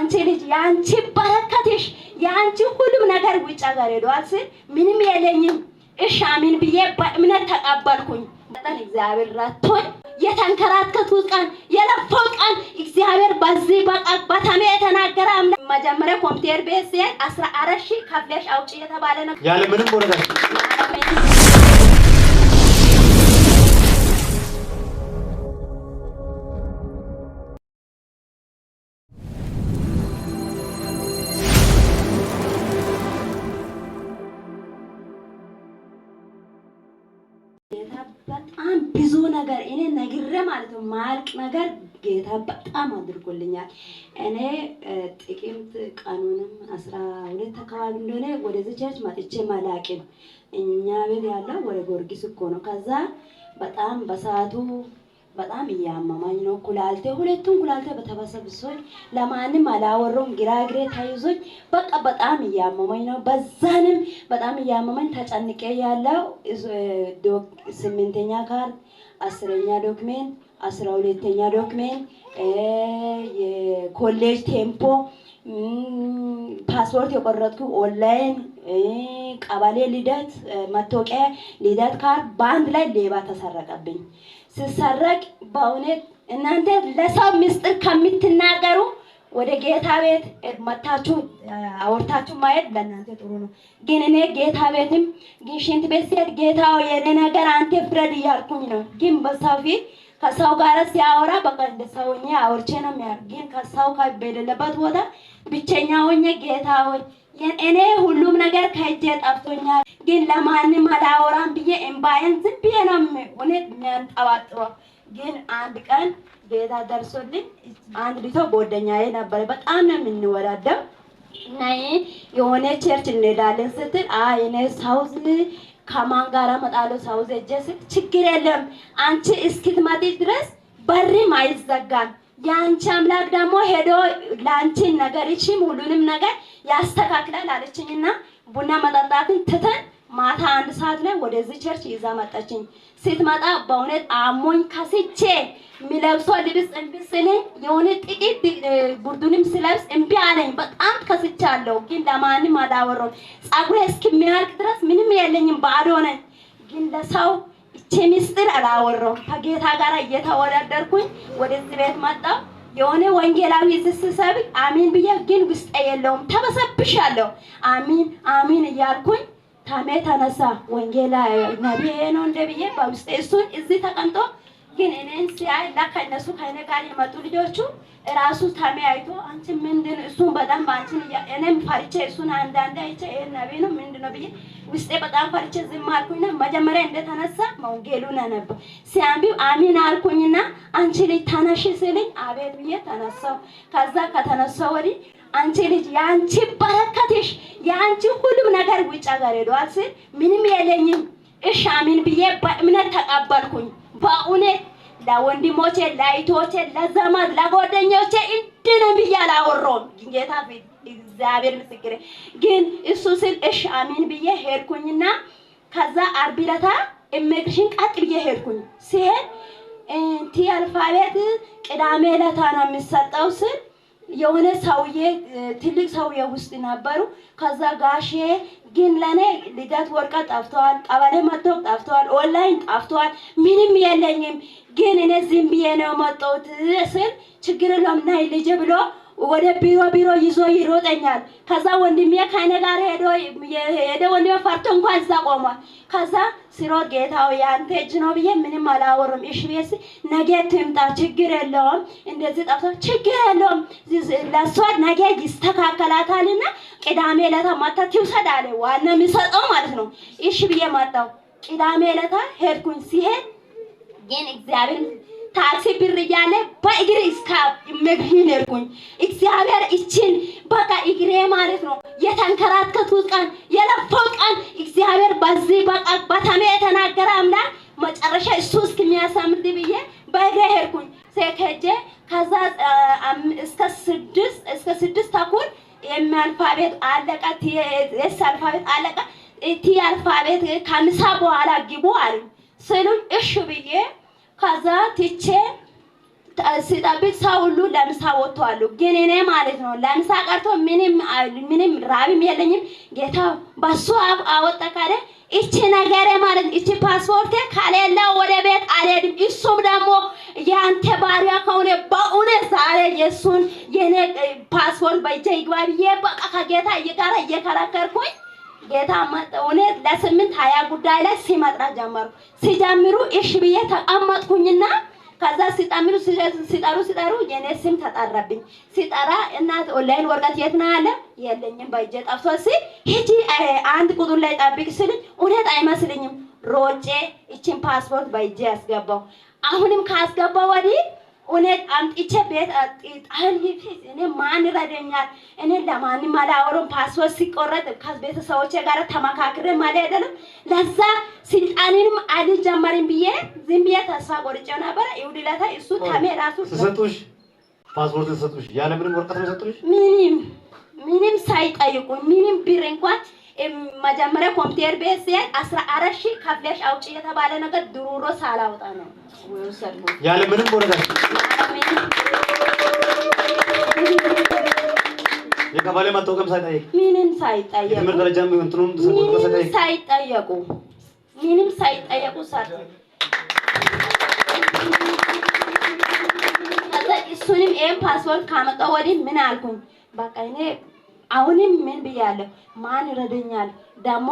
የአንቺ ልጅ የአንቺ በረከትሽ የአንቺ ሁሉም ነገር ውጭ ሀገር ሄዷል ስል ምንም የለኝም። እሺ አሚን ብዬ በእምነት ተቀበልኩኝ። በጣም እግዚአብሔር ረቶኝ የተንከራተቱት ቀን የለፈው ቀን እግዚአብሔር በዚህ በቃ በተሜ የተናገረ አምላክ መጀመሪያ ኮምፒውተር ቤት ሲሄድ አስራ አራት ከፍለሽ አውጪ የተባለ ነው ያለ ምንም ወረዳ በጣም ብዙ ነገር እኔ ነግሬ ማለት ነው ማልቅ ነገር ጌታ በጣም አድርጎልኛል። እኔ ጥቅምት ቀኑንም አስራ ሁለት አካባቢ እንደሆነ ወደዚህ ቸርች መጥቼ መላቂ እኛ ቤት ያለው ወደ ጊዮርጊስ እኮ ነው። ከዛ በጣም በሰዓቱ በጣም እያመማኝ ነው። ኩላልቴ ሁለቱም ኩላልቴ በተበሰብሶኝ ለማንም አላወራውም። ግራግሬ ተይዞኝ በቃ በጣም እያመማኝ ነው። በዛንም በጣም እያመማኝ ተጨንቄ ያለው ስምንተኛ ካርድ፣ አስረኛ ዶክሜንት፣ አስራ ሁለተኛ ዶክሜንት፣ የኮሌጅ ቴምፖ፣ ፓስፖርት የቆረጥኩ ኦንላይን ቀበሌ ልደት መታወቂያ፣ ልደት ካርድ በአንድ ላይ ሌባ ተሰረቀብኝ። ስሰረቅ በእውነት እናንተ ለሰው ምስጢር ከምትናገሩ ወደ ጌታ ቤት መታችሁ አወርታችሁ ማየት ለእናንተ ጥሩ ነው። ግን እኔ ጌታ ቤትም ግን ሽንት ቤት ስሄድ ጌታ የኔ ነገር አንተ ፍረድ እያልኩኝ ነው። ግን በሰው ፊት ከሰው ጋር ሲያወራ በቃ እንደ ሰው ሆኜ አውርቼ ነው የሚያርግ። ግን ከሰው ከበደለበት ቦታ ብቸኛ ሆኜ ጌታ ሆይ እኔ ሁሉም ነገር ከእጄ ጠፍቶኛል፣ ግን ለማንም አላወራም ብዬ እምባዬን ዝም ብዬ ነው እውነት የሚያንጠባጥበው። ግን አንድ ቀን ጌታ ደርሶልኝ አንድ ልቶ ጓደኛዬ ነበረ። በጣም ነው የምንወዳደው ነይ የሆነ ቸርች እንሄዳለን ስትል አይ እኔ ሳውዝ ከማን ጋር እመጣለሁ ሳውዝ ሄጄ ስትል ችግር የለም አንቺ እስክትመጪ ድረስ በርም አይዘጋም የአንቺ አምላክ ደግሞ ሄዶ ለአንቺን እቺ ሁሉንም ነገር ያስተካክላል አለችኝና ቡና መጠጣትን ትተን ማታ አንድ ሰዓት ላይ ወደዚህ ቸርች ይዛ መጣችኝ። ስትመጣ በእውነት አሞኝ ከስቼ የሚለብሶ ልብስ እምቢ ስልኝ የሆነ ጥቂት ቡርዱንም ስለብስ እምቢ አለኝ። በጣም ከስቻለሁ፣ ግን ለማንም አላወራሁም። ጸጉሬ እስኪሚያልቅ ድረስ ምንም የለኝም፣ ባዶ ነኝ ግን ለሰው ይቺ ሚስጥር አላወራሁም። ከጌታ ጋር እየተወዳደርኩኝ ወደዚህ ቤት መጣሁ። የሆነ ወንጌላዊ ስሰብክ አሚን ብዬ ግን ውስጤ የለውም ተበሰብሻለሁ። አሚን አሚን እያልኩኝ ታሜ ተነሳ ወንጌላ ነቢዬ ነው እንደ ብዬ በውስጤ እሱን እዚህ ተቀምጦ ግን እኔን ሲያይ እና ከእነሱ ከእኔ ጋር የመጡ ልጆቹ እራሱ ታሜ አይቶ አንቺ ምንድን እሱን በጣም በአንቺን እኔም ፈርቼ እሱን አንዳንድ አይቼ ይሄ ነቢ ነው ምንድን ነው ብዬ ውስጤ በጣም ፈርቼ ዝም አልኩኝና መጀመሪያ እንደተነሳ ወንጌሉን አነበብኩ። ሲያንቢው አሚን አልኩኝና አንቺ ልጅ ተነሽ ስልኝ አቤት ብዬ ተነሳው። ከዛ ከተነሳው ወዲህ አንቺ ልጅ የአንቺ በረከትሽ የአንቺ ሁሉም ነገር ውጭ ሀገር ሄዷል ስል ምንም የለኝም። እሽ አሚን ብዬ በእምነት ተቀበልኩኝ በእውነት ለወንድሞቼ፣ ለአይቶቼ፣ ለዘመድ፣ ለጓደኞቼ እንዲህ ነው ብዬ አላወራሁም። ጌታ እግዚአብሔር ምስክሬ። ግን እሱ ስል እሺ አሚን ብዬ ሄድኩኝና ከዛ ዓርብ ዕለት እመቅሽን ቀጥ ብዬ ሄድኩኝ። ሲሄድ ቲ አልፋቤት ቅዳሜ ዕለት ነው የሚሰጠው ስል የሆነ ሰውዬ ትልቅ ሰውዬ ውስጥ ነበሩ። ከዛ ጋሼ ግን ለእኔ ልደት ወርቀ ጠፍተዋል፣ ቀበሌ መጥቶ ጠፍተዋል፣ ኦንላይን ጠፍተዋል፣ ምንም የለኝም። ግን እኔ ዝም ብዬ ነው መጣሁት ስል ችግር የለውም ልጅ ብሎ ወደ ቢሮ ቢሮ ይዞ ይሮጠኛል። ከዛ ወንድሜ ከእኔ ጋር ሄዶ ሄደ ወንድሜ ፈርቶ እንኳን እዛ ቆሟል። ከዛ ሲሮ ጌታው ያንተ እጅ ነው ብዬ ምንም አላወሩም። እሺ ቤስ ነገ ትምጣ ችግር የለውም እንደዚህ ጠፍቶ ችግር የለውም ለእሷ ነገ ይስተካከላታልና ቅዳሜ ዕለት ማታ ትውሰድ አለ። ዋና የሚሰጠው ማለት ነው። እሺ ብዬ መጣሁ። ቅዳሜ ዕለት ሄድኩኝ። ሲሄድ ግን እግዚአብሔር ታክሲ ብር እያለ በእግር እስከ መግቢን እርጉኝ እግዚአብሔር እችን በቃ እግሬ ማለት ነው የተንከራተቱት ቀን የለፈው ቀን እግዚአብሔር በዚህ በቃ በተሜ የተናገረ አምላክ መጨረሻ እሱ እስከሚያሳምድ ብዬ በእግሬ ሄድኩኝ። ሴከጀ ከዛ እስከ ስድስት እስከ ስድስት ተኩል የሚ አለቀ። የስ አልፋቤት አለቀ። እቲ አልፋቤት ከምሳ በኋላ ግቡ አሉ ስሉም እሺ ብዬ ከዛ ትቼ ሲጠብቅ ሰው ሁሉ ለምሳ ወጥተዋሉ። ግን እኔ ማለት ነው ለምሳ ቀርቶ ምንም ምንም ራብም የለኝም። ጌታ በሱ አፍ ካለ እቺ ነገሬ ማለት እቺ ፓስፖርቴ ከሌለ ወደ ቤት አልሄድም። እሱም ደግሞ የአንተ ባሪያ ከሆነ በእውነት ዛሬ የእሱን የኔ ፓስፖርት በእጄ ይግባ ብዬ በቃ ከጌታ እየቀረ እየከረከርኩኝ ጌታ እውነት ለስምንት ሀያ ጉዳይ ላይ ሲመጥራት ጀመሩ። ሲጀምሩ እሺ ብዬ ተቀመጥኩኝና ከዛ ሲጠምሩ ሲጠሩ ሲጠሩ የኔ ስም ተጠራብኝ። ሲጠራ እናት ኦንላይን ወረቀት የት ነው አለ። የለኝም በእጄ ጠፍቶ ሲል ሂጂ አንድ ቁጥር ላይ ጠብቅ ስልኝ እውነት አይመስልኝም። ሮጬ ይችን ፓስፖርት በእጄ ያስገባው አሁንም ካስገባው ወዲህ እውነት አምጥቼ ቤት አጥልፊ እኔ ማን ረደኛል? እኔ ለማንም አላወሩም። ፓስፖርት ሲቆረጥ ከቤተሰቦቼ ጋር ተመካክሬ ማለት አይደለም። ለዛ ስልጣኔንም አልጀመርም ብዬ ዝም ብዬ ተስፋ ቆርጬ ነበረ። ይሁድ ለታ እሱ ተሜ ራሱ ሲሰጡሽ ፓስፖርት ሲሰጡሽ ያለምንም ወረቀት ነው ምንም ምንም ሳይጠይቁኝ ምንም ብር እንኳን መጀመሪያ ኮምፒውተር ቤት ሲሄድ አስራ አራት ሺህ ከፍለሽ አውጪ የተባለ ነገር ድሮሮ ሳላውጣ ነው ያለ ምንም ወረዳ የቀበሌ መታወቂያም ሳይጠየቅ ምንም ሳይጠየቅ የትምህርት ደረጃም እንትኑም ሳይጠየቁ ምንም ሳይጠየቁ ሰጡ። ከዛ እሱንም ይሄን ፓስፖርት ካመጣሁ ወዲህ ምን አልኩኝ በቃ እኔ አሁንም ምን ብያለሁ? ማን ይረደኛል? ደግሞ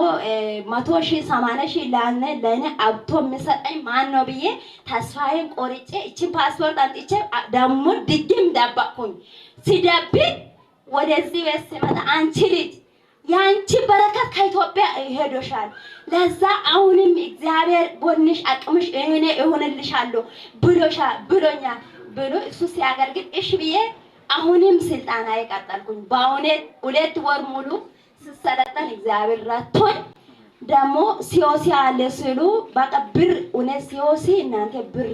መቶ ሺህ ሰማንያ ሺህ ላነ ለእኔ አብቶ የሚሰጠኝ ማን ነው ብዬ ተስፋዬን ቆርጬ እችን ፓስፖርት አንጥቼ ደግሞ ድግም ዳባኩኝ። ሲደብቅ ወደዚህ ቤት ስመጣ አንቺ ልጅ የአንቺ በረከት ከኢትዮጵያ ይሄዶሻል። ለዛ አሁንም እግዚአብሔር ቦንሽ አቅምሽ እኔ እሆንልሻለሁ ብሎሻ ብሎኛል ብሎ እሱ ሲያገር ግን እሺ ብዬ አሁንም ስልጣና አይቀጠልኩኝ በእውነት ሁለት ወር ሙሉ ስሰለጠን እግዚአብሔር ረቶኝ ደግሞ ሲዮሲ አለ ስሉ በቃ ብር እውነት ሲዮሲ እናንተ ብር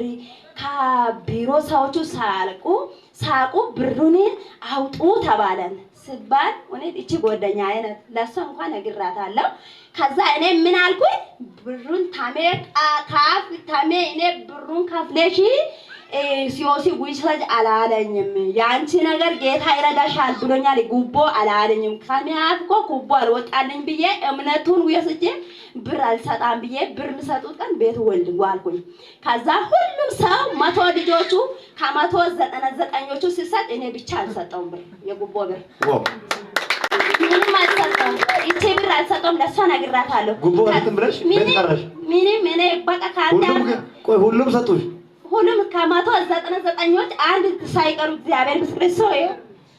ከቢሮ ሰዎቹ ሳልቁ ሳቁ ብሩን አውጡ ተባለን ስባል እውነት እቺ ጓደኛ አይነት ለእሷ እንኳን እነግራታለሁ። ከዛ እኔ ምን አልኩኝ ብሩን ታሜ ካፍ ታሜ እኔ ብሩን ከፍለሽ ሲዮሲ ጉይሰጅ አላለኝም። የአንቺ ነገር ጌታ ይረዳሻል ብሎኛል። ጉቦ አላለኝም። ከሚያት እኮ ጉቦ አልወጣልኝ ብዬ እምነቱን ውየስጄ ብር አልሰጣም ብዬ ብር ልሰጡት ቀን ቤት ወልድ ጓልኩኝ። ከዛ ሁሉም ሰው መቶ ልጆቹ ከመቶ ዘጠና ዘጠኞቹ ሲሰጥ እኔ ብቻ አልሰጠውም ብር፣ የጉቦ ብር ምንም አልሰጠውም። ይቺ ብር አልሰጠውም። ለእሷ ነግራታለሁ። ጉቦ ምንም እኔ በቃ ሁሉም ሰጡሽ ሁሉም ከመቶ ዘጠና ዘጠኞች አንድ ሳይቀሩ እግዚአብሔር ምስክር ሰው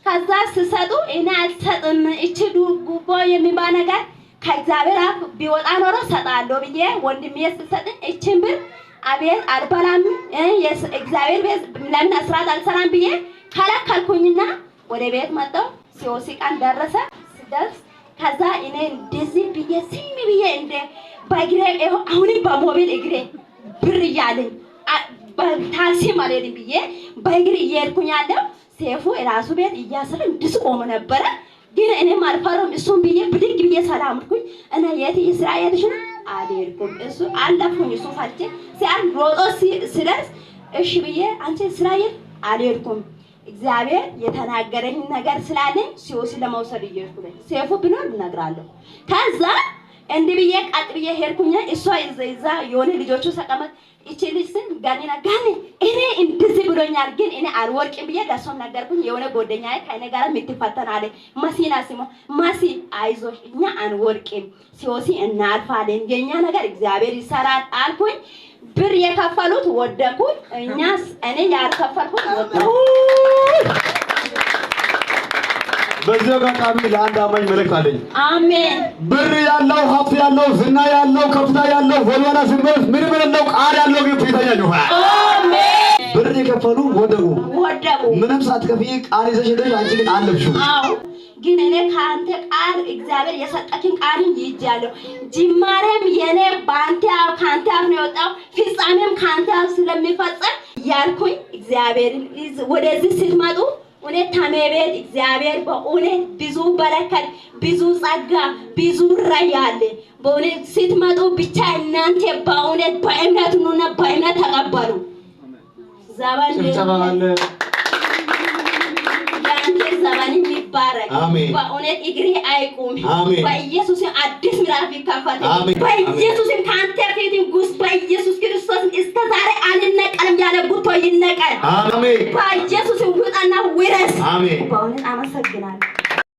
ከዛ ስሰጡ እኔ አልሰጥም እቺ ጉቦ የሚባ ነገር ከእግዚአብሔር አፍ ቢወጣ ኖሮ ሰጣለሁ ብዬ ወንድሜ ስሰጥን እችን ብር አቤት አልበላም እግዚአብሔር ቤት ለምን አስራት አልሰራም ብዬ ከለከልኩኝና ወደ ቤት መጣሁ። ሲወሲ ቀን ደረሰ። ስደርስ ከዛ እኔ እንደዚህ ብዬ ስሚ ብዬ እንደ በእግሬ አሁንም በሞቢል እግሬ ብር እያለኝ በታክሲ ማለት ብዬ በእግር እየሄድኩኝ ያለው ሴፉ የራሱ ቤት እያሰረ እንድስ ቆመ ነበረ። ግን እኔ አልፈርም እሱም ብዬ ብድግ ብዬ ሰላምኩኝ። እኔ የት እስራኤልሽ አልሄድኩም። እሱ አለፍኩኝ። እሱ ፈርቼ ሲያን ሮጦ ሲደርስ እሺ ብዬ አንቺ እስራኤል አልሄድኩም እግዚአብሔር የተናገረኝ ነገር ስላለኝ ሲወስድ ለመውሰድ እየሄድኩ ሴፉ ቢኖር እነግራለሁ ከዛ እንዲህ ብዬ ቀጥ ሄድኩኝ። እሷ እዛ የሆነ ልጆቹ ሰቀመጥ እቺ ልጅ ስም ጋኔና ጋኔ እኔ እንደዚህ ብሎኛል፣ ግን እኔ አልወርቅም ብዬ ለእሷም ነገርኩኝ። የሆነ ጓደኛዬ ከእኔ ጋር የምትፈተን አለ መሲና ሲሞ መሲ አይዞሽ፣ እኛ አንወርቅም፣ ሲወሲ እናልፋለን፣ የእኛ ነገር እግዚአብሔር ይሰራል አልኩኝ። ብር የከፈሉት ወደኩኝ፣ እኛስ እኔ ያልከፈልኩት ወደኩ። በዚህ አጋጣሚ ለአንድ አማኝ መልእክት አለኝ። አሜን ብር ያለ ያለው ዝና ያለው ከፍታ ያለው ወልዋላ ምን ምን ነው ቃል ያለው ግን ፊተኛ ይሆናል። ብር የከፈሉ ወደቁ። ምንም ሳትከፍይ ቃል ይዘሽ ሄደሽ አንቺ ግን አለብሽ። ግን እኔ ከአንተ ቃል እግዚአብሔር የሰጠችን ቃል ይጃለሁ ጅማሬም የኔ በአንተ አፍ ካንተ አፍ ነው የወጣው፣ ፍጻሜም ካንተ አፍ ስለሚፈጸም ያልኩኝ እግዚአብሔርን ወደዚህ ስትመጡ እውነት ተሜቤት እግዚአብሔር በእውነት ብዙ በረከት፣ ብዙ ጸጋ፣ ብዙ ራይ በእውነት ስትመጡ ብቻ እናንተ በእውነት በእምነት ኑና በእምነት ተቀበሉ። ዘበን ዘበን ይባረክ። በእውነት እግርህ አይቁም። በኢየሱስ አዲስ ምዕራፍ ይከፈት። በኢየሱስ ከአንተ ፊት ጉስ በኢየሱስ ክርስቶስ እስከ ዛሬ አልነቀልም ያለ ጉቶ ይነቀል። በኢየሱስ ውጣና ውረስ። በእውነት አመሰግናለሁ።